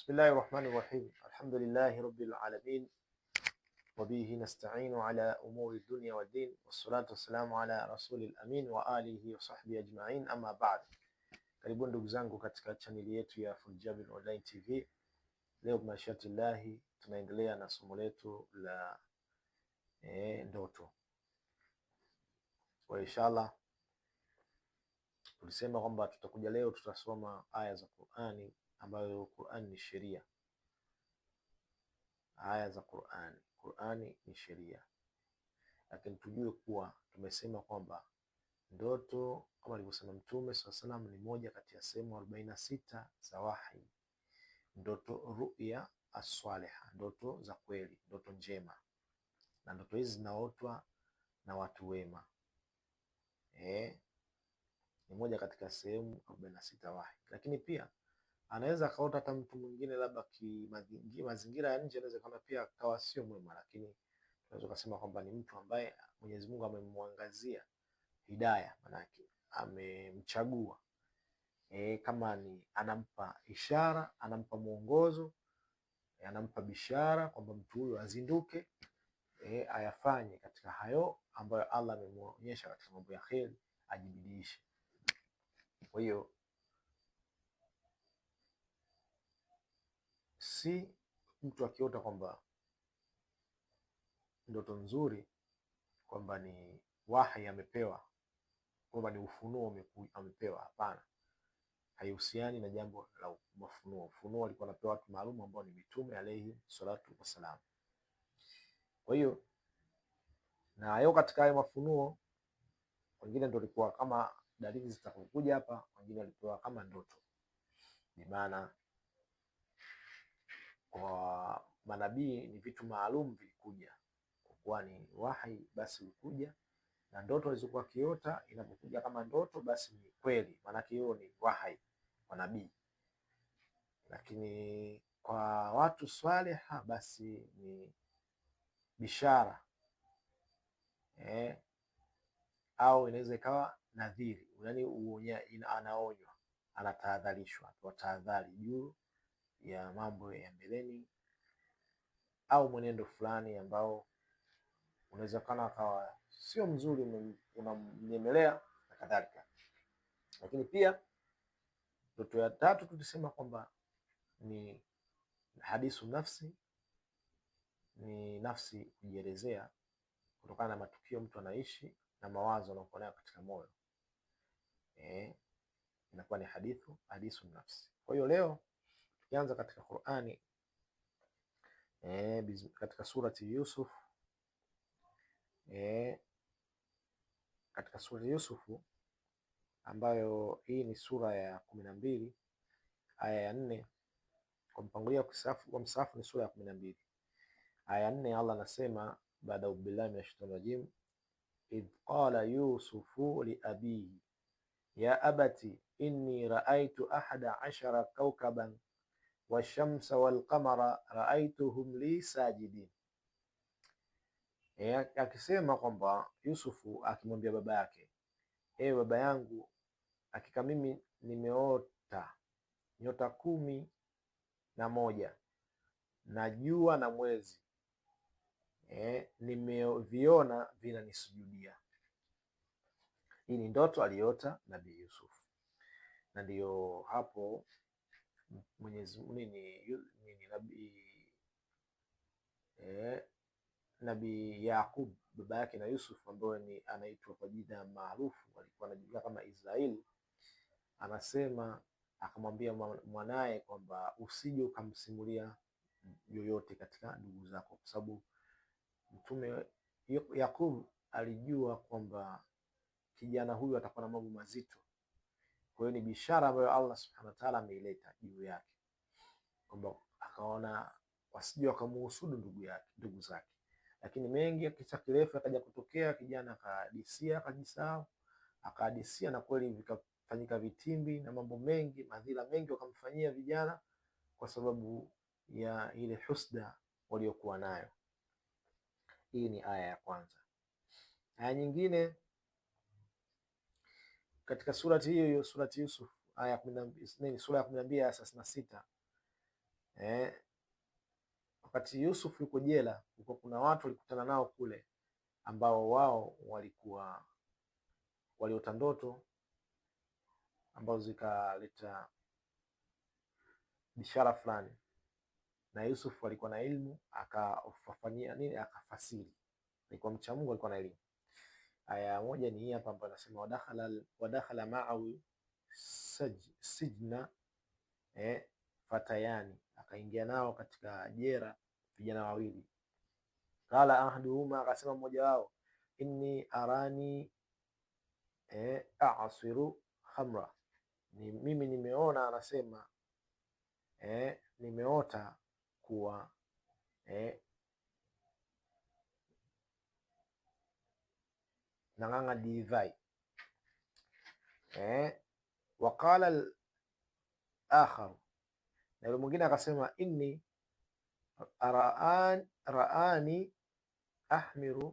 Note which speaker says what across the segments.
Speaker 1: Bismillahi rahmani rahim alhamdulillahi rabbil alamin wabihi nasta'inu ala umuri dunya waddin wassalatu wassalamu ala rasulil amin wa alihi wa sahbihi ajma'in amma ba'd. Karibuni ndugu zangu katika chaneli yetu ya Fuljabin Online TV. Leo bimashatillahi tunaendelea na somo letu la e, ndoto kwa inshallah tulisema kwamba tutakuja leo tutasoma aya za Qur'ani ambayo Qur'an ni sheria, aya za Qur'an. Qur'ani ni sheria, lakini tujue kuwa tumesema kwamba ndoto kama alivyosema Mtume swalla salam ni moja kati ya sehemu arobaini na sita za wahi. Ndoto ruya aswaleha, ndoto za kweli, ndoto njema, na ndoto hizi zinaotwa na watu wema eh, ni moja katika sehemu arobaini na sita wahi, lakini pia anaweza akaota hata mtu mwingine labda mazingira ya nje, anaweza kana pia akawa sio mwema, lakini tunaweza kusema kwamba ni mtu ambaye Mwenyezi Mungu amemwangazia hidaya, manake amemchagua e, kama ni anampa ishara, anampa mwongozo e, anampa bishara kwamba mtu huyo azinduke e, ayafanye katika hayo ambayo Allah amemwonyesha katika mambo ya kheri, ajibidiishe. Kwa hiyo si mtu akiota kwamba ndoto nzuri kwamba ni wahi amepewa, kwamba ni ufunuo amepewa. Hapana, haihusiani na jambo la mafunuo. Ufunuo alikuwa anapewa watu maalum ambao ni mitume alaihi salatu wassalam. Kwa hiyo na hayo katika hayo mafunuo, wengine ndio walikuwa kama dalili zitakokuja hapa, wengine walipewa kama ndoto, bi maana kwa manabii ni vitu maalum vilikuja, kwa kuwa ni wahi basi ulikuja na ndoto alizokuwa kiota inapokuja kama ndoto basi ni kweli, maanake hiyo ni wahi kwa nabii. Lakini kwa watu swaleha basi ni bishara eh, au inaweza ikawa nadhiri, yaani anaonywa, anatahadharishwa, tahadhari juu ya mambo ya mbeleni au mwenendo fulani ambao unawezekana akawa sio mzuri, unamnyemelea na kadhalika. Lakini pia ndoto ya tatu tulisema kwamba ni hadithu nafsi, ni nafsi kujielezea kutokana na matukio mtu anaishi na mawazo anayokuwa nayo katika moyo, eh, inakuwa ni hadithu hadithu nafsi. Kwa hiyo leo Tukianza katika Qurani eh, katika surati Yusuf eh, katika surati Yusufu ambayo hii ni sura ya kumi na mbili aya ya nne kwa mpangilio wa msafu ni sura ya kumi na mbili aya ya nne Allah anasema baada aubillahi min shaitani rajim idh qala yusufu li abihi ya abati inni raaitu ahada ashara kaukaban washamsa walqamara raaituhum li sajidin. E, akisema kwamba Yusufu akimwambia baba yake, ewe baba yangu, hakika mimi nimeota nyota kumi na moja na jua na mwezi e, nimeviona vinanisujudia. Hii ni ndoto aliota Nabii Yusuf, na ndiyo hapo Mwenyezi ni nini nabii eh, Nabii Yaqub baba yake na Yusuf ambaye ni anaitwa kwa jina maarufu alikuwa anajulikana kama Israeli, anasema akamwambia mwanaye kwamba usije ukamsimulia yoyote katika ndugu zako, kwa sababu mtume Yaqub alijua kwamba kijana huyu atakuwa na mambo mazito kwa hiyo ni bishara ambayo Allah subhanahu wa ta'ala ameileta juu yake, kwamba akaona wasije wakamuhusudu ndugu yake ndugu zake. Lakini mengi kisa kirefu akaja kutokea kijana akahadisia akajisahau, akahadisia na kweli vikafanyika vitimbi na mambo mengi, madhila mengi wakamfanyia vijana kwa sababu ya ile husda waliokuwa nayo. Hii ni aya ya kwanza. Aya nyingine katika surati hiyo hiyo surati Yusuf aya kumi sura ya kumi na mbili aya thelathini na sita eh, wakati Yusuf yuko jela kulikuwa kuna watu walikutana nao kule ambao wao walikuwa waliota ndoto ambazo zikaleta bishara fulani, na Yusuf alikuwa na ilmu akafafania nini, akafasiri. Alikuwa mcha Mungu, alikuwa na elimu. Aya moja ni hii hapa ambayo anasema wadakhala, wadakhala ma'ahu sijna eh, fatayani, akaingia nao katika jera vijana wawili. Qala ahaduhuma, akasema mmoja wao inni arani eh, a'siru khamra, ni mimi nimeona, anasema eh, nimeota kuwa eh, na ng'anga divai eh. Waqala al-akhar, na yule mwingine akasema inni raan, raani ahmiru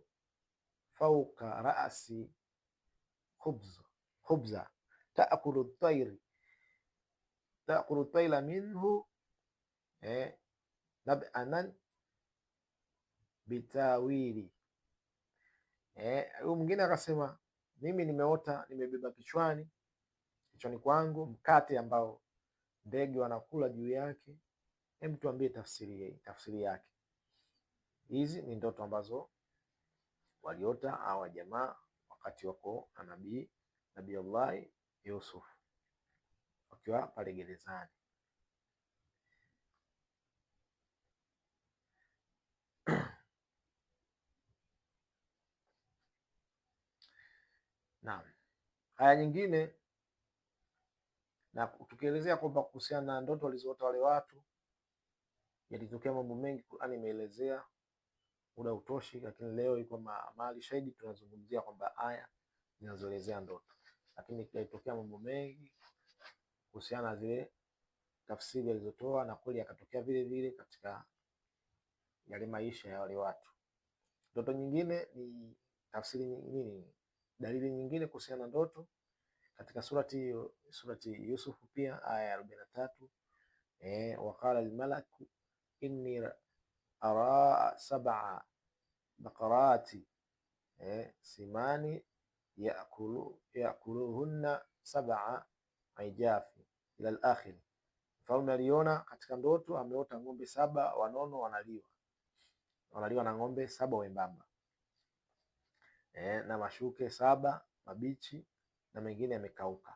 Speaker 1: fauka rasi khubz khubza taakulu tairi taakulu taila minhu eh, nabanan bitawili Eh, huyu eh, mwingine akasema mimi nimeota nimebeba kichwani kichwani kwangu mkate ambao ndege wanakula juu yake. Hem, tuambie tafsiri tafsiri yake. Hizi ni ndoto ambazo waliota hawa jamaa wakati wako na nabii nabii Allah Yusuf wakiwa pale gerezani. Naam, aya nyingine na tukielezea kwamba kuhusiana na ndoto walizoota wale watu yalitokea mambo mengi, Qur'ani imeelezea, muda utoshi, lakini leo iko mahali shahidi tunazungumzia kwamba aya zinazoelezea ndoto, lakini yalitokea mambo mengi kuhusiana na zile tafsiri alizotoa na kweli akatokea vile vile katika yale maisha ya wale watu. Ndoto nyingine ni tafsiri nyingine Dalili nyingine kuhusiana na ndoto katika surati hiyo, surati Yusufu pia aya ya arobaini na tatu eh, waqala almalaku inni ara sab'a baqarati eh, simani yakulu yakuluhunna sab'a ijafi ila alakhir. Mfalme aliona katika ndoto ameota ng'ombe saba wanono wanaliwa wanaliwa na ng'ombe saba wembamba eh, na mashuke saba mabichi na mengine yamekauka.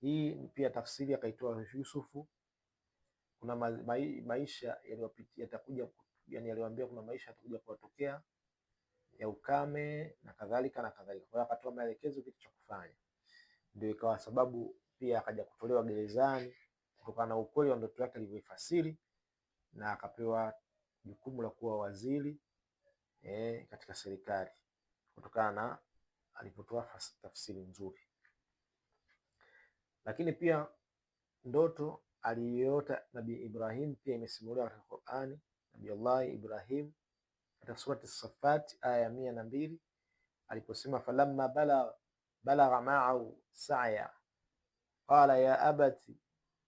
Speaker 1: Hii pia tafsiri akaitoa Yusufu. Kuna ma, ma, maisha yatakuja, yani aliwaambia kuna maisha yatakuja kuwatokea ya ukame na kadhalika na kadhalika. Kwa hiyo akatoa maelekezo kitu cha kufanya, ndio ikawa sababu pia akaja kutolewa gerezani kutokana na ukweli wa ndoto yake alivyoifasiri, na akapewa jukumu la kuwa waziri eh, katika serikali kutokana na alipotoa tafsiri nzuri. Lakini pia ndoto aliyoota Nabii Ibrahim pia imesimuliwa katika Qurani. Nabii Allah Ibrahim katika surati Safat aya ya mia na mbili aliposema falamma balagha ma'ahu sa'ya qala ya abati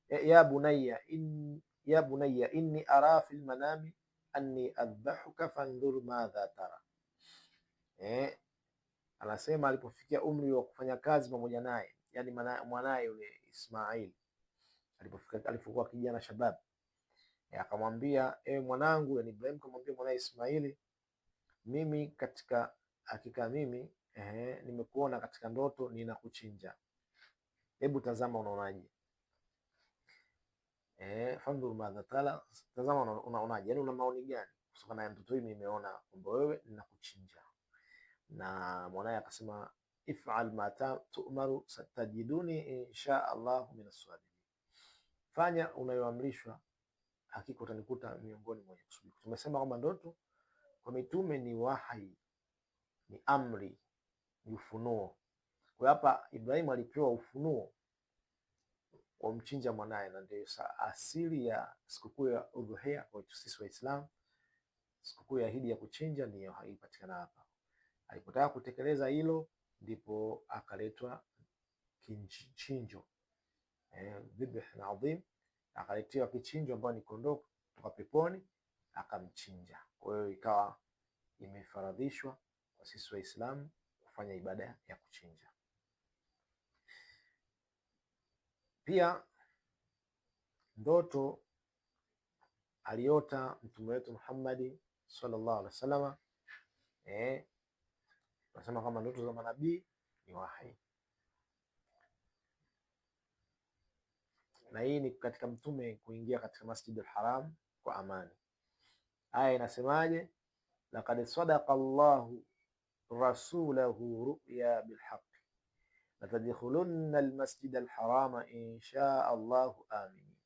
Speaker 1: ya bunayya in, ya bunayya inni ara fil manami anni adhbahuka fandhur madha tara eh, anasema alipofikia umri wa kufanya kazi pamoja naye, yani mwanaye yule Ismail alipofika, alipokuwa kijana shabab, eh, akamwambia ewe eh, mwanangu, yani Ibrahim akamwambia mwanaye Ismail, mimi katika hakika mimi eh, nimekuona katika ndoto ninakuchinja, hebu tazama unaonaje? Eh, fandhur madha tala, tazama unaonaje, yani una maoni gani kutokana na ndoto hii? Nimeona kwamba wewe ninakuchinja na mwanaye akasema ifal ma tumaru satajiduni insha Allah min aswabiri, fanya unayoamrishwa, hakika utanikuta miongoni mwa kusubiri. Tumesema kwamba ndoto kwa mitume ni wahai, ni amri, ni ufunuo. Kwa hapa Ibrahim alipewa ufunuo kwa mchinja mwanaye, na ndio asili ya sikukuu ya Udhuhia kwa sisi Waislamu. Sikukuu ya Idi ya kuchinja ndio haipatikana hapa. Alipotaka kutekeleza hilo, ndipo akaletwa kichinjo eh, adhim, akaletewa kichinjo ambayo ni kondoo kutoka peponi, akamchinja. Kwa hiyo ikawa imefaradhishwa kwa sisi Waislamu kufanya ibada ya kuchinja. Pia ndoto aliota mtume wetu Muhammadi sallallahu alaihi wasallam eh Anasema kama ndoto za manabii ni wahi, na hii ni katika mtume kuingia katika Masjidil Haram kwa amani. Aya inasemaje? Laqad sadaqa Allahu rasulahu ruya bilhaqi latadkhulunna almasjida alharama insha Allahu aminin,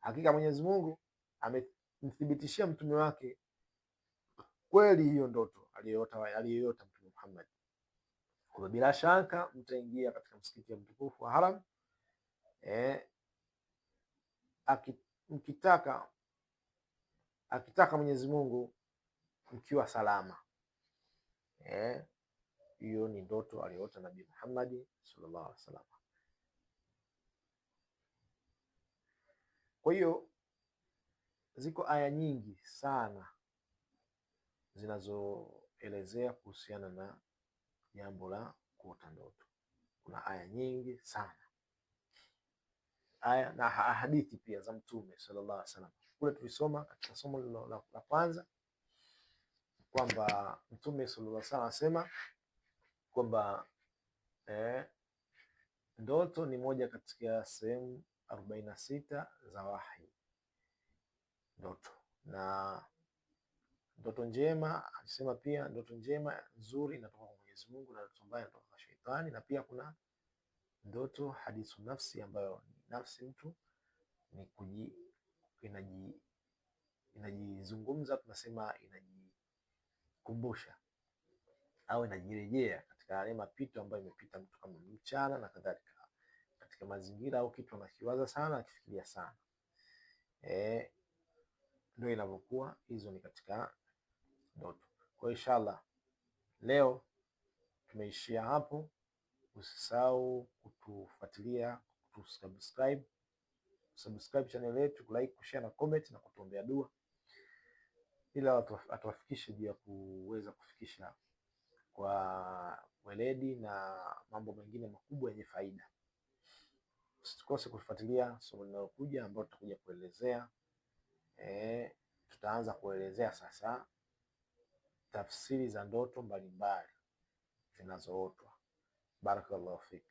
Speaker 1: hakika Mwenyezi Mungu amemthibitishia mtume wake kweli hiyo ndoto aliyoyota Muhammad. Kwa bila shaka mtaingia katika msikiti ya mtukufu wa Haram eh, mkitaka akitaka Mwenyezi Mungu mkiwa salama eh, hiyo ni ndoto aliyoota Nabii Muhammad sallallahu alaihi wasallam. Kwa hiyo ziko aya nyingi sana zinazo kuelezea kuhusiana na jambo la kuota ndoto. Kuna aya nyingi sana, aya na hadithi pia za Mtume sallallahu alaihi wasallam. Kule tulisoma katika somo la kwanza kwamba Mtume sallallahu alaihi wasallam asema kwamba eh, ndoto ni moja katika sehemu arobaini na sita za wahi ndoto na Ndoto njema alisema pia, ndoto njema nzuri inatoka kwa Mwenyezi Mungu na ndoto mbaya inatoka kwa Shetani. Na pia kuna ndoto hadithu nafsi, ambayo nafsi mtu ni kuji, inaji inajizungumza, tunasema inajikumbusha au inajirejea katika yale mapito ambayo imepita mtu kama mchana na kadhalika, katika mazingira au kitu anakiwaza sana akifikiria sana e, ndio inavyokuwa. Hizo ni katika ndoto. Kwa inshallah leo tumeishia hapo. Usisahau kutufuatilia, kutusubscribe, subscribe channel yetu, kulike, kushare na comment na kutuombea dua, ila atuwafikishe juu ya kuweza kufikisha kwa weledi na mambo mengine makubwa yenye faida. Usikose kufuatilia somo linalokuja, ambalo tutakuja kuelezea. E, tutaanza kuelezea sasa tafsiri za ndoto mbalimbali zinazootwa. Barakallahu fik.